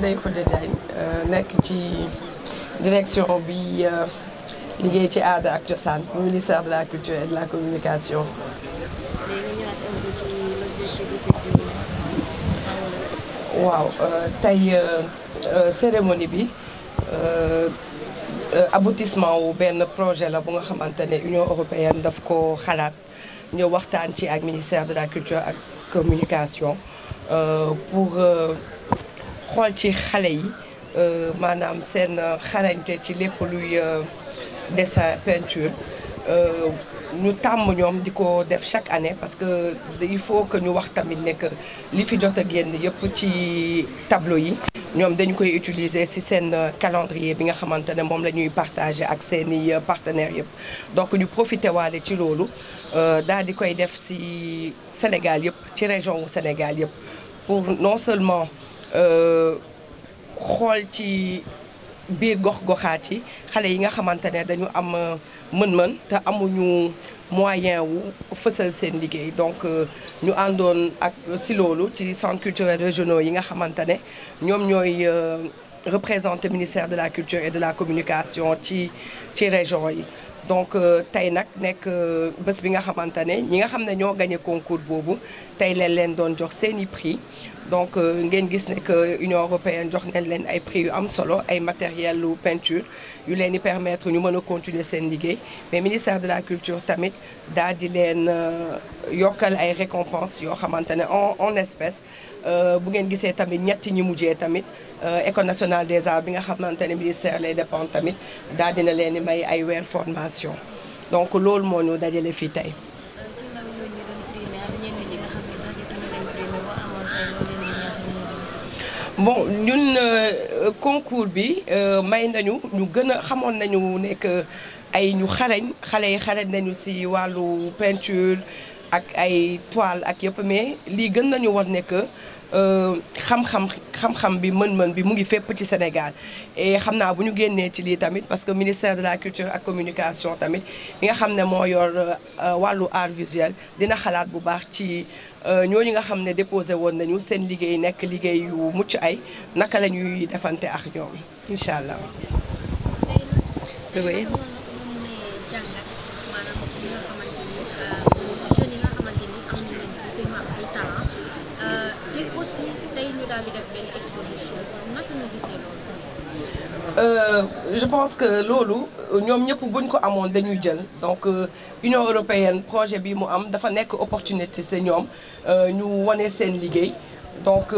Ndeye Diagne uh, nekk ci direction bi uh, liggéey ci aada ak cosaan bu ministère de la culture et de la communication. waaw uh, tey cérémonie bi aboutissement wu benn projet la bu nga xamante ne Union européenne daf ko xalaat ñu waxtaan ci ak ministère de la culture ak communication pour. xool ci xale yi euh, maanaam seen euh, xarañte ci lépp luy euh, dessin peinture ñu tàmm ñoom di ko def chaque année parce que il faut que ñu wax tamit ne que li fi jot a génn yëpp ci tableau yi ñoom dañu koy utiliser si seen calendrier bi nga xamante ne moom la ñuy partager ak seeni partenaires yëpp donc ñu profité waale ci loolu daal di koy def ci Sénégal yëpp ci région wu Sénégal yëpp pour non seulement Euh, xool ci biir gox-goxaat yi xale yi nga xamante ne dañu am euh, mën-mën te amuñu moyen wu fësal seen liggéey donc euh, ñu àndoon ak si loolu ci centre culturel régionaux yi nga xamante ne ñoom ñooy représenté ministère de la culture et de la communication ci ci région yi donc euh, tey nag nekk euh, bés bi nga xamante ne ñi nga xam ne ñoo gagné concours boobu tey leen leen doon jox seeni prix donc euh, ngeen gis ne que Union européenne jox nañ leen ay prix yu am solo ay matériel lu peinture yu leen di permettre ñu mën a continuer seen liggéey mais ministère de la culture tamit daal di leen yokkal ay récompenses yoo xamante ne en en espèce Euh, bu ngeen gisee tamit ñetti ñu mujjee tamit euh, école nationale des arts bi nga xamante ne ministère lay dépend tamit daal na leen di may ay weer formation donc loolu moo ñu dajale fii tey. bon ñun euh, concours bi may nañu ñu gën a xamoon nañu nekk ay ñu xarañ xale yi xarañ nañu ci wàllu peinture. ak ay toile ak yëpp mais lii gën nañu war ne que euh, xam-xam xam-xam bi mën-mën bi mu ngi fépp ci Sénégal e xam naa bu ñu génnee ci lii tamit parce que ministère de la culture ak communication tamit mi nga xam ne moo yor euh, wàllu art visuel dina xalaat bu baax ci euh, ñooñu nga xam ne déposé woon nañu seen liggéey nekk liggéey yu mucc ay naka lañuy ñuy defante ak ñoom incha allah. daal euh, je pense que loolu ñoom ñëpp buñ ko amoon dañuy jël donc euh, Union européenne projet bi mu am dafa nekk opportunité se ñoom euh, ñu wane seen liggéey. donc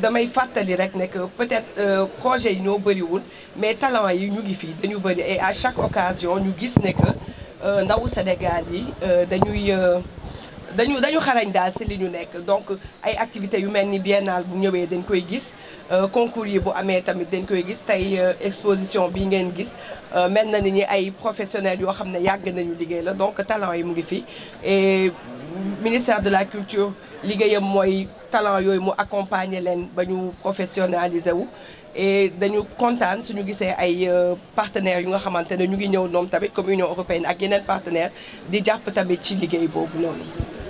damay fàttali rek ne peut-être euh, projet yi ñoo bëriwul mais talent yi ñu ngi fii dañu bëri et à chaque occasion ñu gis ne que ndawu Sénégal yi dañuy. dañu dañu xarañ daal si li ñu nekk donc ay activité yu mel ni biennale bu ñëwee dañ koy gis euh, concours bu amee tamit dañ koy gis tey euh, exposition bi ngeen gis euh, mel na ni ñi ay professionnels yoo xam ne yàgg nañu liggéey la donc talent yi mu ngi fi et ministère de la culture liggéeyam mooy talent yooyu mu accompagner leen ba ñu professionnaliser wu et dañu kontaan suñu gisee ay partenaires yu nga xamante ne ñu ngi ñëw ñoom tamit comme Union européenne ak yeneen partenaires di jàpp tamit ci liggéey boobu noonu